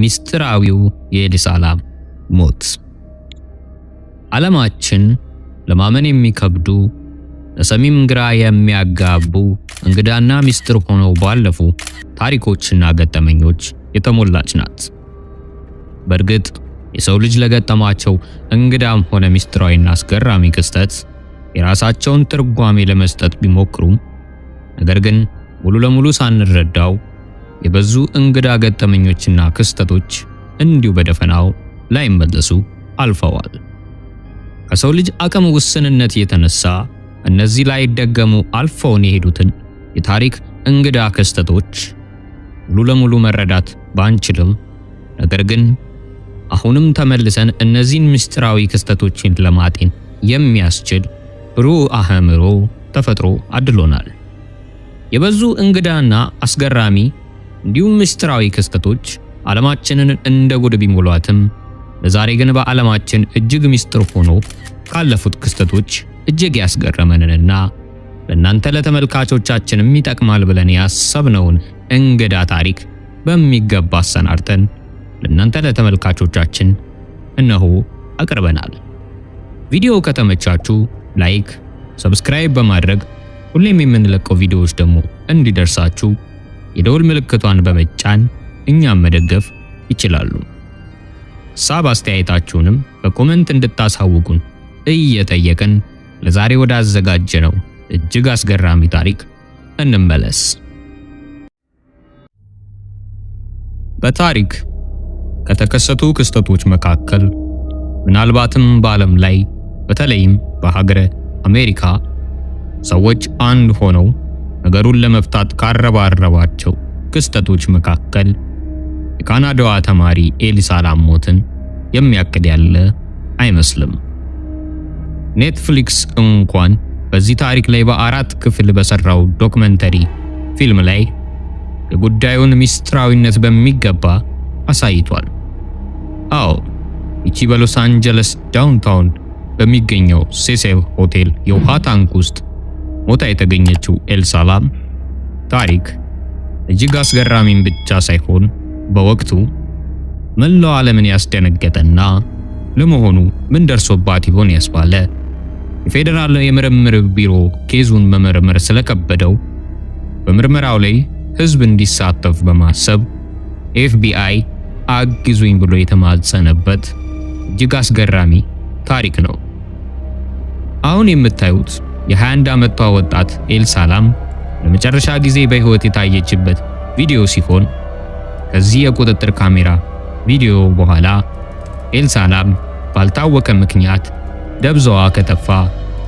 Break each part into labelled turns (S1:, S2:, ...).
S1: ሚስጥራዊው የኤልሳ ሞት ዓለማችን ለማመን የሚከብዱ ለሰሚም ግራ የሚያጋቡ እንግዳና ሚስጥር ሆነው ባለፉ ታሪኮችና ገጠመኞች የተሞላች ናት። በእርግጥ የሰው ልጅ ለገጠማቸው እንግዳም ሆነ ሚስጥራዊና አስገራሚ ክስተት የራሳቸውን ትርጓሜ ለመስጠት ቢሞክሩም ነገር ግን ሙሉ ለሙሉ ሳንረዳው የበዙ እንግዳ ገጠመኞችና ክስተቶች እንዲሁ በደፈናው ላይመለሱ አልፈዋል። ከሰው ልጅ አቅም ውስንነት የተነሳ እነዚህ ላይደገሙ አልፈውን የሄዱትን የታሪክ እንግዳ ክስተቶች ሙሉ ለሙሉ መረዳት ባንችልም፣ ነገር ግን አሁንም ተመልሰን እነዚህን ምስጢራዊ ክስተቶችን ለማጤን የሚያስችል ብሩህ አእምሮ ተፈጥሮ አድሎናል። የበዙ እንግዳና አስገራሚ እንዲሁም ምስጢራዊ ክስተቶች ዓለማችንን እንደ ጉድ ቢሞሏትም ለዛሬ ግን በዓለማችን እጅግ ምስጢር ሆኖ ካለፉት ክስተቶች እጅግ ያስገረመንንና ለእናንተ ለተመልካቾቻችንም ይጠቅማል ብለን ያሰብነውን እንግዳ ታሪክ በሚገባ አሰናድተን ለእናንተ ለተመልካቾቻችን እነሆ አቅርበናል። ቪዲዮ ከተመቻችሁ ላይክ፣ ሰብስክራይብ በማድረግ ሁሌም የምንለቀው ቪዲዮዎች ደግሞ እንዲደርሳችሁ የደውል ምልክቷን በመጫን እኛም መደገፍ ይችላሉ። ሳብ አስተያየታችሁንም በኮመንት እንድታሳውቁን እየጠየቅን ለዛሬ ወደ አዘጋጀ ነው እጅግ አስገራሚ ታሪክ እንመለስ። በታሪክ ከተከሰቱ ክስተቶች መካከል ምናልባትም በዓለም ላይ በተለይም በሀገረ አሜሪካ ሰዎች አንድ ሆነው ነገሩን ለመፍታት ካረባረባቸው ክስተቶች መካከል የካናዳዋ ተማሪ ኤሊሳ ላሞትን የሚያቅድ ያለ አይመስልም። ኔትፍሊክስ እንኳን በዚህ ታሪክ ላይ በአራት ክፍል በሰራው ዶክመንተሪ ፊልም ላይ የጉዳዩን ሚስጥራዊነት በሚገባ አሳይቷል። አዎ ይቺ በሎስ አንጀለስ ዳውንታውን በሚገኘው ሴሴ ሆቴል የውሃ ታንክ ውስጥ ሞታ የተገኘችው ኤልሳላም ታሪክ እጅግ አስገራሚም ብቻ ሳይሆን በወቅቱ መላው ዓለምን ያስደነገጠና ለመሆኑ ምን ደርሶባት ይሆን ያስባለ የፌዴራል የምርምር ቢሮ ኬዙን መመርመር ስለከበደው በምርመራው ላይ ህዝብ እንዲሳተፍ በማሰብ ኤፍቢአይ አግዙኝ ብሎ የተማጸነበት እጅግ አስገራሚ ታሪክ ነው። አሁን የምታዩት የ21 ዓመቷ ወጣት ኤልሳላም ለመጨረሻ ጊዜ በህይወት የታየችበት ቪዲዮ ሲሆን ከዚህ የቁጥጥር ካሜራ ቪዲዮ በኋላ ኤልሳላም ባልታወቀ ምክንያት ደብዛዋ ከተፋ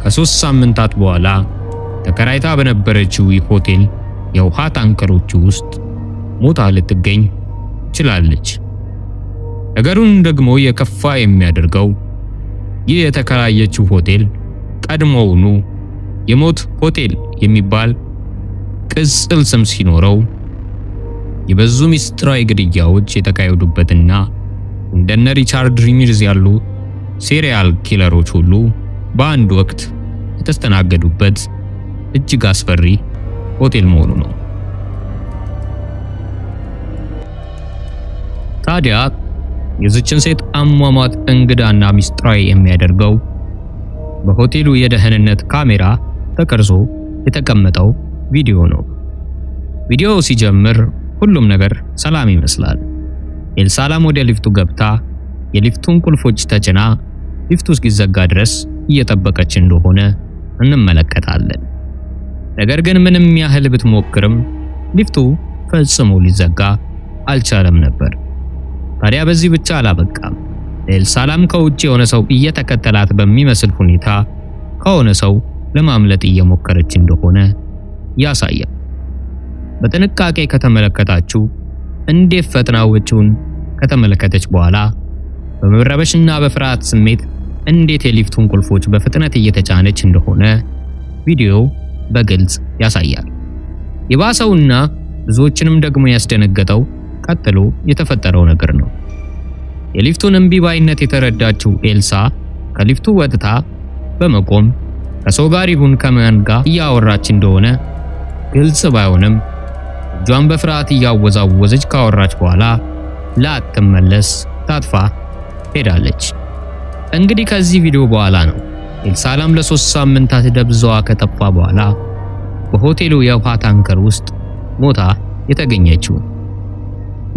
S1: ከሶስት ሳምንታት በኋላ ተከራይታ በነበረችው ሆቴል የውሃ ታንከሮች ውስጥ ሞታ ልትገኝ ችላለች። ነገሩን ደግሞ የከፋ የሚያደርገው ይህ የተከራየችው ሆቴል ቀድሞውኑ የሞት ሆቴል የሚባል ቅጽል ስም ሲኖረው የበዙ ሚስጥራዊ ግድያዎች የተካሄዱበትና እንደነ ሪቻርድ ሪሚርዝ ያሉ ሴሪያል ኪለሮች ሁሉ በአንድ ወቅት የተስተናገዱበት እጅግ አስፈሪ ሆቴል መሆኑ ነው። ታዲያ የዚችን ሴት አሟሟት እንግዳና ሚስጥራዊ የሚያደርገው በሆቴሉ የደህንነት ካሜራ ተቀርጾ የተቀመጠው ቪዲዮ ነው። ቪዲዮው ሲጀምር ሁሉም ነገር ሰላም ይመስላል። ኤልሳላም ወደ ሊፍቱ ገብታ የሊፍቱን ቁልፎች ተጭና ሊፍቱ እስኪዘጋ ድረስ እየጠበቀች እንደሆነ እንመለከታለን። ነገር ግን ምንም ያህል ብትሞክርም ሊፍቱ ፈጽሞ ሊዘጋ አልቻለም ነበር። ታዲያ በዚህ ብቻ አላበቃም። ኤልሳላም ከውጭ የሆነ ሰው እየተከተላት በሚመስል ሁኔታ ከሆነ ሰው ለማምለጥ እየሞከረች እንደሆነ ያሳያል። በጥንቃቄ ከተመለከታችሁ እንዴት ፈጥና ውጪውን ከተመለከተች በኋላ በመረበሽና በፍርሃት ስሜት እንዴት የሊፍቱን ቁልፎች በፍጥነት እየተጫነች እንደሆነ ቪዲዮ በግልጽ ያሳያል። የባሰውና ብዙዎችንም ደግሞ ያስደነገጠው ቀጥሎ የተፈጠረው ነገር ነው። የሊፍቱን እምቢባይነት የተረዳችው ኤልሳ ከሊፍቱ ወጥታ በመቆም ከሰው ጋር ይሁን ከማን ጋር እያወራች እንደሆነ ግልጽ ባይሆንም እጇን በፍርሃት እያወዛወዘች ካወራች በኋላ ላትመለስ ታጥፋ ሄዳለች። እንግዲህ ከዚህ ቪዲዮ በኋላ ነው ኤልሳላም ለሶስት ሳምንታት ደብዛዋ ከጠፋ በኋላ በሆቴሉ የውሃ ታንከር ውስጥ ሞታ የተገኘችው።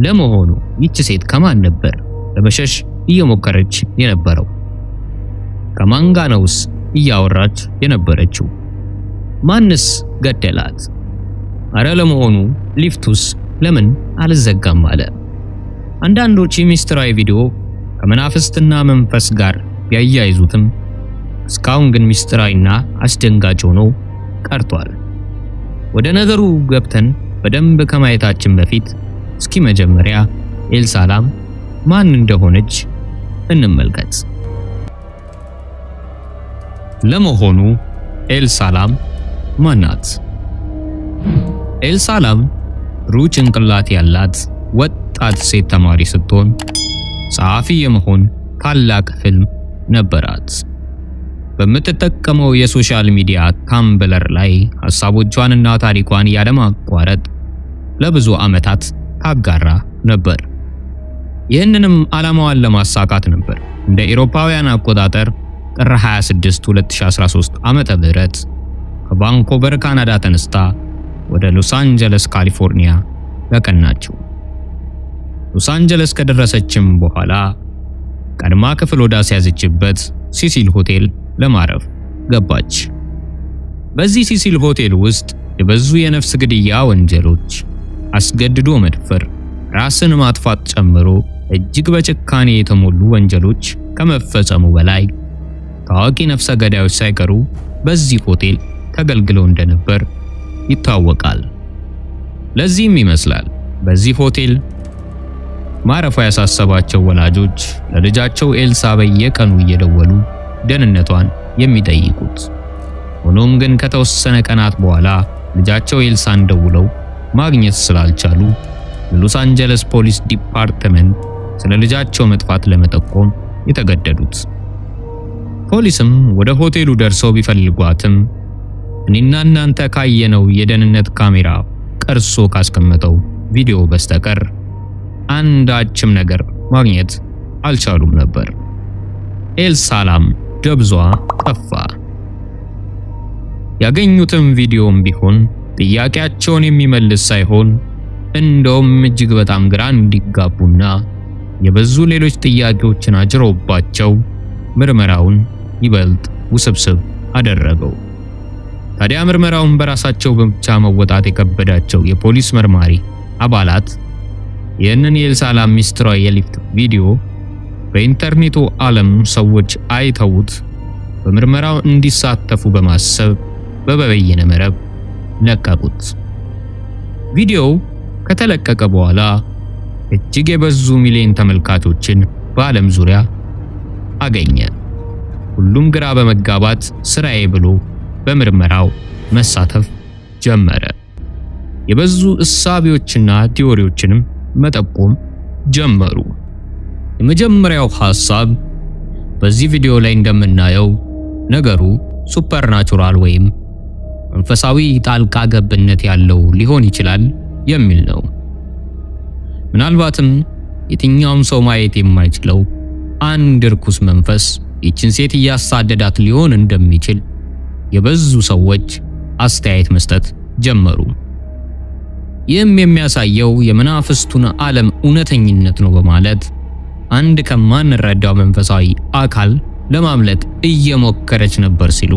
S1: ለመሆኑ ይች ሴት ከማን ነበር ለመሸሽ እየሞከረች የነበረው? ከማን ነውስ እያወራች የነበረችው? ማንስ ገደላት? አረ ለመሆኑ ሊፍቱስ ለምን አልዘጋም አለ። አንዳንዶች የሚስጥራዊ ቪዲዮ ከመናፍስትና መንፈስ ጋር ያያይዙትም እስካሁን ግን ሚስጥራዊና አስደንጋጭ ሆኖ ቀርቷል። ወደ ነገሩ ገብተን በደንብ ከማየታችን በፊት እስኪ መጀመሪያ ኤልሳላም ማን እንደሆነች እንመልከት። ለመሆኑ ኤልሳላም ማናት? ኤልሳላም ሩህ ጭንቅላት ያላት ወጣት ሴት ተማሪ ስትሆን ጸሐፊ የመሆን ታላቅ ህልም ነበራት። በምትጠቀመው የሶሻል ሚዲያ ታምብለር ላይ ሐሳቦቿንና ታሪኳን ያለማቋረጥ ለብዙ ዓመታት ታጋራ ነበር። ይህንንም ዓላማዋን ለማሳካት ነበር እንደ አውሮፓውያን አቆጣጠር ጥር 26 2013 ዓ.ም ከቫንኮቨር ካናዳ ተነስታ ወደ ሎስ አንጀለስ ካሊፎርኒያ ያቀናችው። ሎስ አንጀለስ ከደረሰችም በኋላ ቀድማ ክፍል ወዳ አስያዘችበት ሲሲል ሆቴል ለማረፍ ገባች። በዚህ ሲሲል ሆቴል ውስጥ የበዙ የነፍስ ግድያ ወንጀሎች፣ አስገድዶ መድፈር፣ ራስን ማጥፋት ጨምሮ እጅግ በጭካኔ የተሞሉ ወንጀሎች ከመፈጸሙ በላይ ታዋቂ ነፍሰ ገዳዮች ሳይቀሩ በዚህ ሆቴል ተገልግለው እንደነበር ይታወቃል። ለዚህም ይመስላል በዚህ ሆቴል ማረፋ ያሳሰባቸው ወላጆች ለልጃቸው ኤልሳ በየቀኑ እየደወሉ ደህንነቷን የሚጠይቁት። ሆኖም ግን ከተወሰነ ቀናት በኋላ ልጃቸው ኤልሳን ደውለው ማግኘት ስላልቻሉ የሎስ አንጀለስ ፖሊስ ዲፓርትመንት ስለ ልጃቸው መጥፋት ለመጠቆም የተገደዱት ፖሊስም ወደ ሆቴሉ ደርሰው ቢፈልጓትም እኔና እናንተ ካየነው የደህንነት ካሜራ ቀርሶ ካስቀመጠው ቪዲዮ በስተቀር አንዳችም ነገር ማግኘት አልቻሉም ነበር። ኤልሳላም ደብዟ ጠፋ። ያገኙትም ቪዲዮም ቢሆን ጥያቄያቸውን የሚመልስ ሳይሆን እንደውም እጅግ በጣም ግራ እንዲጋቡና የበዙ ሌሎች ጥያቄዎችን አጅረውባቸው ምርመራውን ይበልጥ ውስብስብ አደረገው። ታዲያ ምርመራውን በራሳቸው ብቻ መወጣት የከበዳቸው የፖሊስ መርማሪ አባላት ይህንን የልሳላ ሚስጥራዊ የሊፍት ቪዲዮ በኢንተርኔቱ ዓለም ሰዎች አይተውት በምርመራው እንዲሳተፉ በማሰብ በበበየነ መረብ ለቀቁት። ቪዲዮው ከተለቀቀ በኋላ እጅግ የበዙ ሚሊዮን ተመልካቾችን በዓለም ዙሪያ አገኘ። ሁሉም ግራ በመጋባት ስራዬ ብሎ በምርመራው መሳተፍ ጀመረ። የበዙ እሳቢዎችና ቲዎሪዎችንም መጠቆም ጀመሩ። የመጀመሪያው ሐሳብ በዚህ ቪዲዮ ላይ እንደምናየው ነገሩ ሱፐርናቹራል ወይም መንፈሳዊ ጣልቃ ገብነት ያለው ሊሆን ይችላል የሚል ነው። ምናልባትም የትኛውም ሰው ማየት የማይችለው አንድ ርኩስ መንፈስ ይችን ሴት እያሳደዳት ሊሆን እንደሚችል የበዙ ሰዎች አስተያየት መስጠት ጀመሩ። ይህም የሚያሳየው የመናፍስቱን ዓለም እውነተኝነት ነው በማለት አንድ ከማንረዳው መንፈሳዊ አካል ለማምለጥ እየሞከረች ነበር ሲሉ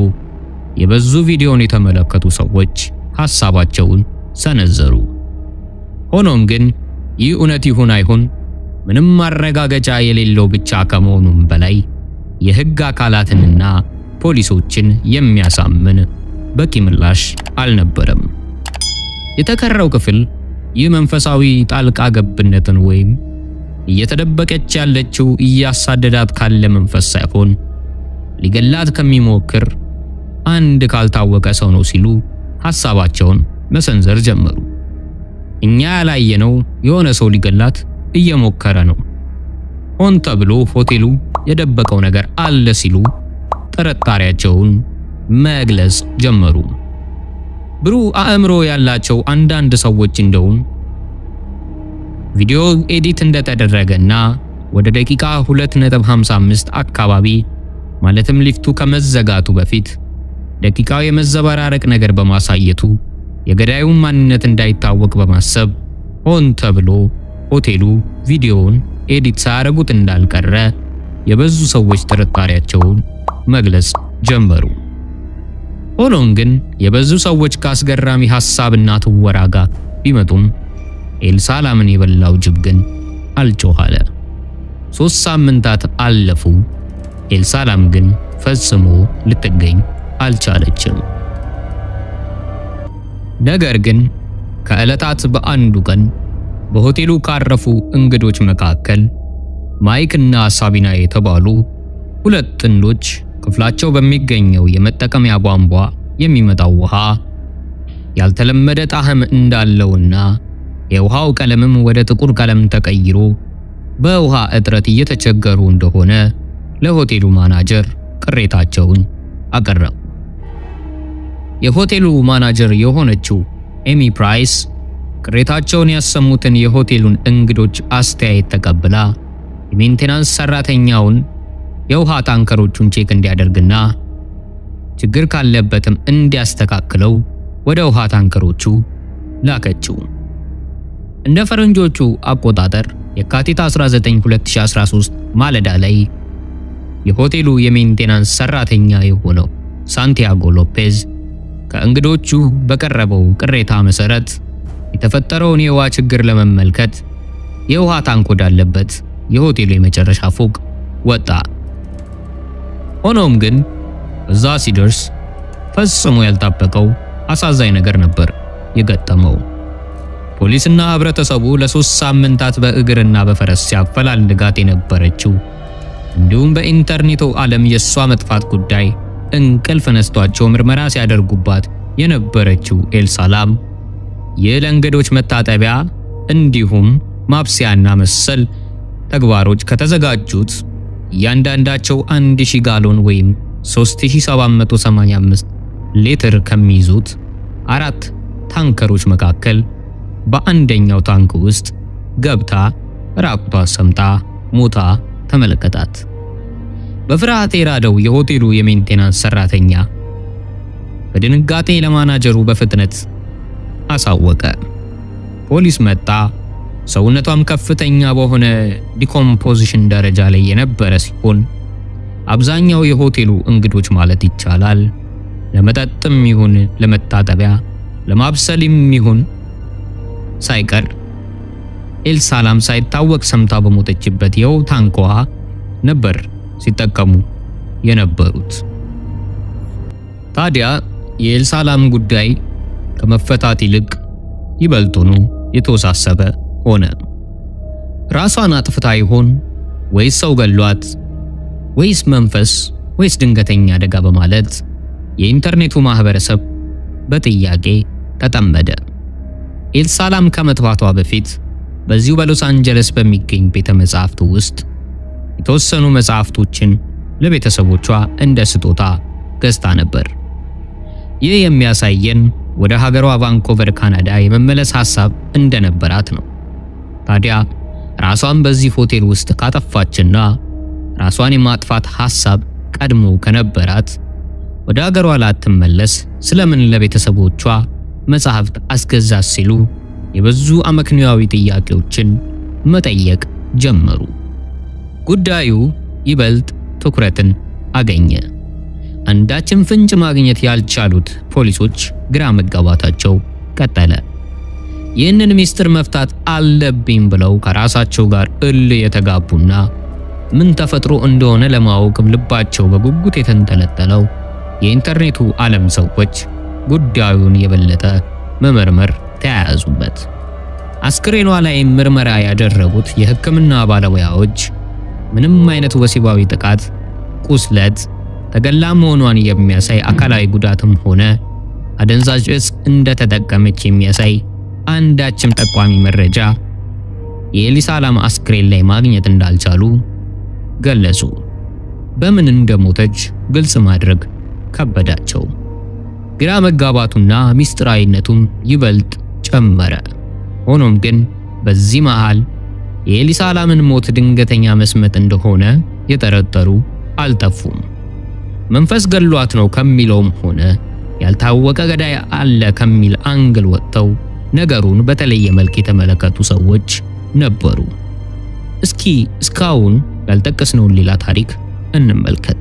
S1: የበዙ ቪዲዮን የተመለከቱ ሰዎች ሐሳባቸውን ሰነዘሩ። ሆኖም ግን ይህ እውነት ይሁን አይሁን ምንም ማረጋገጫ የሌለው ብቻ ከመሆኑም በላይ የህግ አካላትንና ፖሊሶችን የሚያሳምን በቂ ምላሽ አልነበረም። የተከረው ክፍል ይህ መንፈሳዊ ጣልቃ ገብነትን ወይም እየተደበቀች ያለችው እያሳደዳት ካለ መንፈስ ሳይሆን ሊገላት ከሚሞክር አንድ ካልታወቀ ሰው ነው ሲሉ ሐሳባቸውን መሰንዘር ጀመሩ። እኛ ያላየነው የሆነ ሰው ሊገላት እየሞከረ ነው ሆን ተብሎ ሆቴሉ የደበቀው ነገር አለ ሲሉ ጥርጣሬያቸውን መግለጽ ጀመሩ። ብሩህ አእምሮ ያላቸው አንዳንድ ሰዎች እንደውም ቪዲዮ ኤዲት እንደተደረገና ወደ ደቂቃ 2.55 አካባቢ ማለትም ሊፍቱ ከመዘጋቱ በፊት ደቂቃው የመዘበራረቅ ነገር በማሳየቱ የገዳዩን ማንነት እንዳይታወቅ በማሰብ ሆን ተብሎ ሆቴሉ ቪዲዮውን ኤዲት ሳያደርጉት እንዳልቀረ የበዙ ሰዎች ጥርጣሬያቸውን መግለጽ ጀመሩ። ሆኖም ግን የበዙ ሰዎች ከአስገራሚ ሐሳብና ትወራ ጋር ቢመጡም ኤልሳላምን የበላው ጅብ ግን አልጮኋለ። ሦስት ሳምንታት አለፉ። ኤልሳላም ግን ፈጽሞ ልትገኝ አልቻለችም። ነገር ግን ከዕለታት በአንዱ ቀን በሆቴሉ ካረፉ እንግዶች መካከል ማይክ እና ሳቢና የተባሉ ሁለት ጥንዶች ክፍላቸው በሚገኘው የመጠቀሚያ ቧንቧ የሚመጣው ውሃ ያልተለመደ ጣዕም እንዳለውና የውሃው ቀለምም ወደ ጥቁር ቀለም ተቀይሮ በውሃ እጥረት እየተቸገሩ እንደሆነ ለሆቴሉ ማናጀር ቅሬታቸውን አቀረቡ። የሆቴሉ ማናጀር የሆነችው ኤሚ ፕራይስ ቅሬታቸውን ያሰሙትን የሆቴሉን እንግዶች አስተያየት ተቀብላ የሜንቴናንስ ሰራተኛውን የውሃ ታንከሮቹን ቼክ እንዲያደርግና ችግር ካለበትም እንዲያስተካክለው ወደ ውሃ ታንከሮቹ ላከችው። እንደ ፈረንጆቹ አቆጣጠር የካቲት 19 2013 ማለዳ ላይ የሆቴሉ የሜንቴናንስ ሰራተኛ የሆነው ሳንቲያጎ ሎፔዝ ከእንግዶቹ በቀረበው ቅሬታ መሰረት የተፈጠረውን የውሃ ችግር ለመመልከት የውሃ ታንክ ወዳለበት የሆቴሉ የመጨረሻ ፎቅ ወጣ። ሆኖም ግን እዛ ሲደርስ ፈጽሞ ያልታበቀው አሳዛኝ ነገር ነበር የገጠመው። ፖሊስና ህብረተሰቡ ለሶስት ሳምንታት በእግርና በፈረስ ሲያፈላልጋት የነበረችው እንዲሁም በኢንተርኔቱ ዓለም የእሷ መጥፋት ጉዳይ እንቅልፍ ነስቷቸው ምርመራ ሲያደርጉባት የነበረችው ኤልሳላም የለንገዶች ለእንግዶች መታጠቢያ እንዲሁም ማብሰያና መሰል ተግባሮች ከተዘጋጁት እያንዳንዳቸው 1000 ጋሎን ወይም 3785 ሊትር ከሚይዙት አራት ታንከሮች መካከል በአንደኛው ታንክ ውስጥ ገብታ ራቁቷ ሰምጣ ሞታ ተመለከታት። በፍርሃት የራደው የሆቴሉ የሜንቴናንስ ሰራተኛ በድንጋጤ ለማናጀሩ በፍጥነት አሳወቀ። ፖሊስ መጣ። ሰውነቷም ከፍተኛ በሆነ ዲኮምፖዚሽን ደረጃ ላይ የነበረ ሲሆን አብዛኛው የሆቴሉ እንግዶች ማለት ይቻላል ለመጠጥም ይሁን ለመታጠቢያ ለማብሰልም ይሁን ሳይቀር ኤልሳላም ሳይታወቅ ሰምታ በሞተችበት የው ታንኳ ነበር ሲጠቀሙ የነበሩት። ታዲያ የኤልሳላም ጉዳይ ከመፈታት ይልቅ ይበልጡኑ የተወሳሰበ ሆነ። ራሷን አጥፍታ ይሆን ወይስ ሰው ገሏት ወይስ መንፈስ ወይስ ድንገተኛ አደጋ በማለት የኢንተርኔቱ ማህበረሰብ በጥያቄ ተጠመደ። ኤልሳላም ከመጥፋቷ በፊት በዚሁ በሎስ አንጀለስ በሚገኝ ቤተ መጻሕፍት ውስጥ የተወሰኑ መጽሐፍቶችን ለቤተሰቦቿ እንደ ስጦታ ገዝታ ነበር። ይህ የሚያሳየን ወደ ሀገሯ ቫንኮቨር ካናዳ የመመለስ ሐሳብ እንደነበራት ነው። ታዲያ ራሷን በዚህ ሆቴል ውስጥ ካጠፋችና ራሷን የማጥፋት ሐሳብ ቀድሞ ከነበራት ወደ ሀገሯ ላትመለስ ስለምን ለቤተሰቦቿ መጽሐፍት አስገዛት ሲሉ የብዙ አመክንያዊ ጥያቄዎችን መጠየቅ ጀመሩ። ጉዳዩ ይበልጥ ትኩረትን አገኘ። አንዳችም ፍንጭ ማግኘት ያልቻሉት ፖሊሶች ግራ መጋባታቸው ቀጠለ። ይህንን ሚስጥር መፍታት አለብኝ ብለው ከራሳቸው ጋር እል የተጋቡና ምን ተፈጥሮ እንደሆነ ለማወቅም ልባቸው በጉጉት የተንጠለጠለው የኢንተርኔቱ ዓለም ሰዎች ጉዳዩን የበለጠ መመርመር ተያያዙበት። አስክሬኗ ላይ ምርመራ ያደረጉት የሕክምና ባለሙያዎች ምንም አይነት ወሲባዊ ጥቃት፣ ቁስለት ተገላ መሆኗን የሚያሳይ አካላዊ ጉዳትም ሆነ አደንዛዥ እጽ እንደተጠቀመች የሚያሳይ አንዳችም ጠቋሚ መረጃ የኤሊሳ ላም አስክሬን ላይ ማግኘት እንዳልቻሉ ገለጹ። በምን እንደሞተች ግልጽ ማድረግ ከበዳቸው። ግራ መጋባቱና ሚስጥራዊነቱም ይበልጥ ጨመረ። ሆኖም ግን በዚህ መሃል የኤሊሳ ላምን ሞት ድንገተኛ መስመጥ እንደሆነ የጠረጠሩ አልጠፉም። መንፈስ ገሏት ነው ከሚለውም ሆነ ያልታወቀ ገዳይ አለ ከሚል አንግል ወጥተው ነገሩን በተለየ መልክ የተመለከቱ ሰዎች ነበሩ። እስኪ እስካሁን ያልጠቀስነውን ሌላ ታሪክ እንመልከት።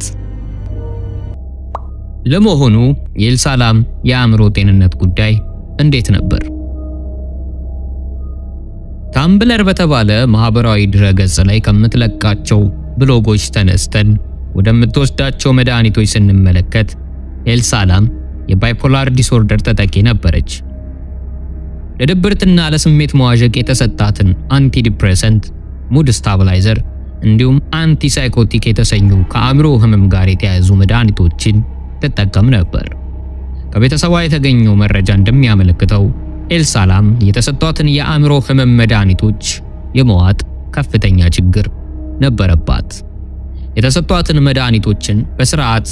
S1: ለመሆኑ የኤልሳላም የአእምሮ ጤንነት ጉዳይ እንዴት ነበር? ታምብለር በተባለ ማህበራዊ ድረገጽ ላይ ከምትለቃቸው ብሎጎች ተነስተን ወደምትወስዳቸው መድኃኒቶች ስንመለከት ኤልሳላም የባይፖላር ዲስኦርደር ተጠቂ ነበረች። ለድብርትና ለስሜት መዋዠቅ የተሰጣትን አንቲ ዲፕሬሰንት፣ ሙድ ስታብላይዘር እንዲሁም አንቲ ሳይኮቲክ የተሰኙ ከአእምሮ ህመም ጋር የተያያዙ መድኃኒቶችን ትጠቀም ነበር። ከቤተሰቧ የተገኘው መረጃ እንደሚያመለክተው ኤልሳላም የተሰጧትን የአእምሮ ህመም መድኃኒቶች የመዋጥ ከፍተኛ ችግር ነበረባት። የተሰጧትን መድኃኒቶችን በስርዓት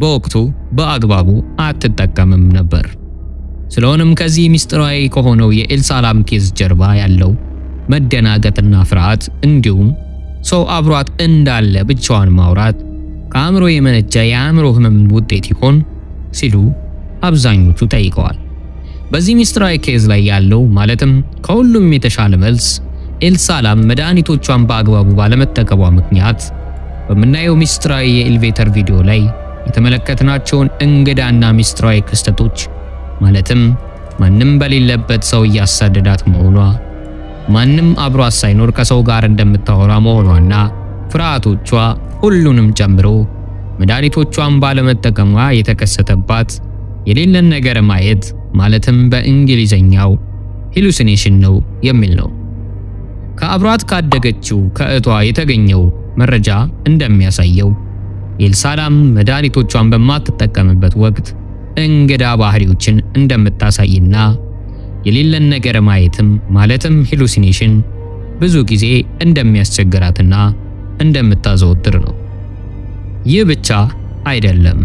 S1: በወቅቱ በአግባቡ አትጠቀምም ነበር። ስለሆነም ከዚህ ምስጢራዊ ከሆነው የኤልሳላም ኬዝ ጀርባ ያለው መደናገጥና ፍርሃት እንዲሁም ሰው አብሯት እንዳለ ብቻዋን ማውራት ከአእምሮ የመነጨ የአእምሮ ህመም ውጤት ይሆን ሲሉ አብዛኞቹ ጠይቀዋል። በዚህ ሚስጥራዊ ኬዝ ላይ ያለው ማለትም ከሁሉም የተሻለ መልስ ኤልሳላም መድኃኒቶቿን በአግባቡ ባለመጠቀቧ ምክንያት በምናየው ሚስጥራዊ የኤሌቬተር ቪዲዮ ላይ የተመለከትናቸውን እንግዳና ሚስጥራዊ ክስተቶች ማለትም ማንም በሌለበት ሰው እያሳደዳት መሆኗ፣ ማንም አብሯት ሳይኖር ከሰው ጋር እንደምታወራ መሆኗና ፍርሃቶቿ ሁሉንም ጨምሮ መድኃኒቶቿን ባለመጠቀሟ የተከሰተባት የሌለን ነገር ማየት ማለትም በእንግሊዘኛው ሂሉሲኔሽን ነው የሚል ነው። ከአብሯት ካደገችው ከእቷ የተገኘው መረጃ እንደሚያሳየው ኤልሳላም መድኃኒቶቿን በማትጠቀምበት ወቅት እንግዳ ባህሪዎችን እንደምታሳይና የሌለን ነገር ማየትም ማለትም ሄሉሲኔሽን ብዙ ጊዜ እንደሚያስቸግራትና እንደምታዘወትር ነው። ይህ ብቻ አይደለም።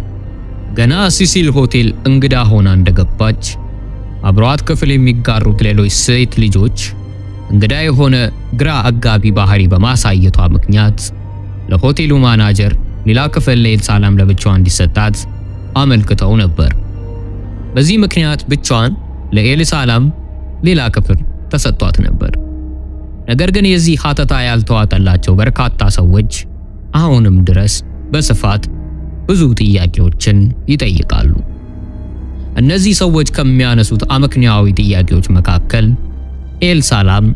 S1: ገና ሲሲል ሆቴል እንግዳ ሆና እንደገባች አብሯት ክፍል የሚጋሩት ሌሎች ሴት ልጆች እንግዳ የሆነ ግራ አጋቢ ባህሪ በማሳየቷ ምክንያት ለሆቴሉ ማናጀር ሌላ ክፍል ለኤልሳላም ሰላም ለብቻዋ እንዲሰጣት አመልክተው ነበር። በዚህ ምክንያት ብቻዋን ለኤል ሰላም ሌላ ክፍል ተሰጥቷት ነበር። ነገር ግን የዚህ ሀተታ ያልተዋጠላቸው በርካታ ሰዎች አሁንም ድረስ በስፋት ብዙ ጥያቄዎችን ይጠይቃሉ። እነዚህ ሰዎች ከሚያነሱት አመክንያዊ ጥያቄዎች መካከል ኤል ሰላም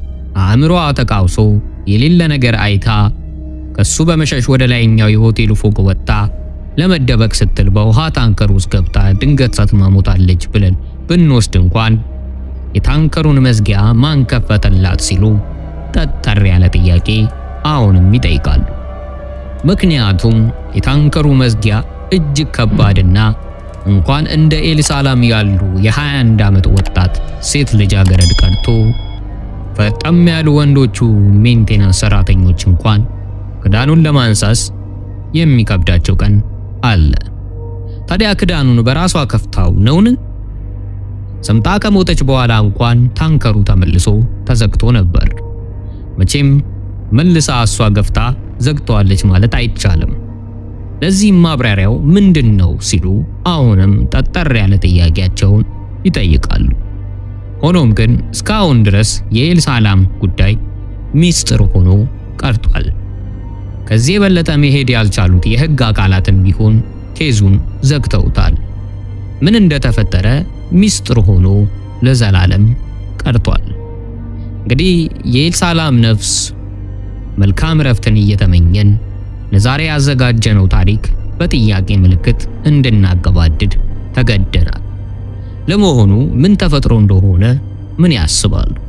S1: ተቃውሶ የሌለ ነገር አይታ ከሱ በመሸሽ ወደ ላይኛው የሆቴሉ ፎቅ ወጣ። ለመደበቅ ስትል በውሃ ታንከር ውስጥ ገብታ ድንገት ሰትማ ሞታለች ብለን ብንወስድ እንኳን የታንከሩን መዝጊያ ማን ከፈተላት ሲሉ ጠጠር ያለ ጥያቄ አሁንም ይጠይቃሉ። ምክንያቱም የታንከሩ መዝጊያ እጅግ ከባድና እንኳን እንደ ኤልሳላም ያሉ የ21 ዓመት ወጣት ሴት ልጃገረድ ቀርቶ ፈጠም ያሉ ወንዶቹ ሜንቴናንስ ሰራተኞች እንኳን ክዳኑን ለማንሳስ የሚከብዳቸው ቀን አለ። ታዲያ ክዳኑን በራሷ ከፍታው ነውን? ሰምጣ ከሞተች በኋላ እንኳን ታንከሩ ተመልሶ ተዘግቶ ነበር። መቼም መልሳ እሷ ገፍታ ዘግተዋለች ማለት አይቻልም። ለዚህም ማብራሪያው ምንድን ነው ሲሉ አሁንም ጠጠር ያለ ጥያቄያቸውን ይጠይቃሉ። ሆኖም ግን እስካሁን ድረስ የኤልሳላም ጉዳይ ሚስጥር ሆኖ ቀርቷል። ከዚህ የበለጠ መሄድ ያልቻሉት የህግ አካላትም ቢሆን ኬዙን ዘግተውታል። ምን እንደተፈጠረ ሚስጥር ሆኖ ለዘላለም ቀርቷል። እንግዲህ የኤልሳላም ነፍስ መልካም እረፍትን እየተመኘን ለዛሬ ያዘጋጀነው ታሪክ በጥያቄ ምልክት እንድናገባድድ ተገደናል። ለመሆኑ ምን ተፈጥሮ እንደሆነ ምን ያስባሉ?